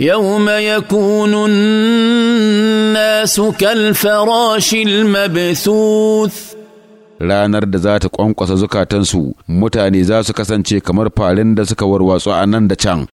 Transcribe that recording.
يوم يكون الناس كالفراش المبثوث ranar da za ta ƙwanƙwasa zukatansu mutane za su kasance kamar farin da suka warwatsu a nan da can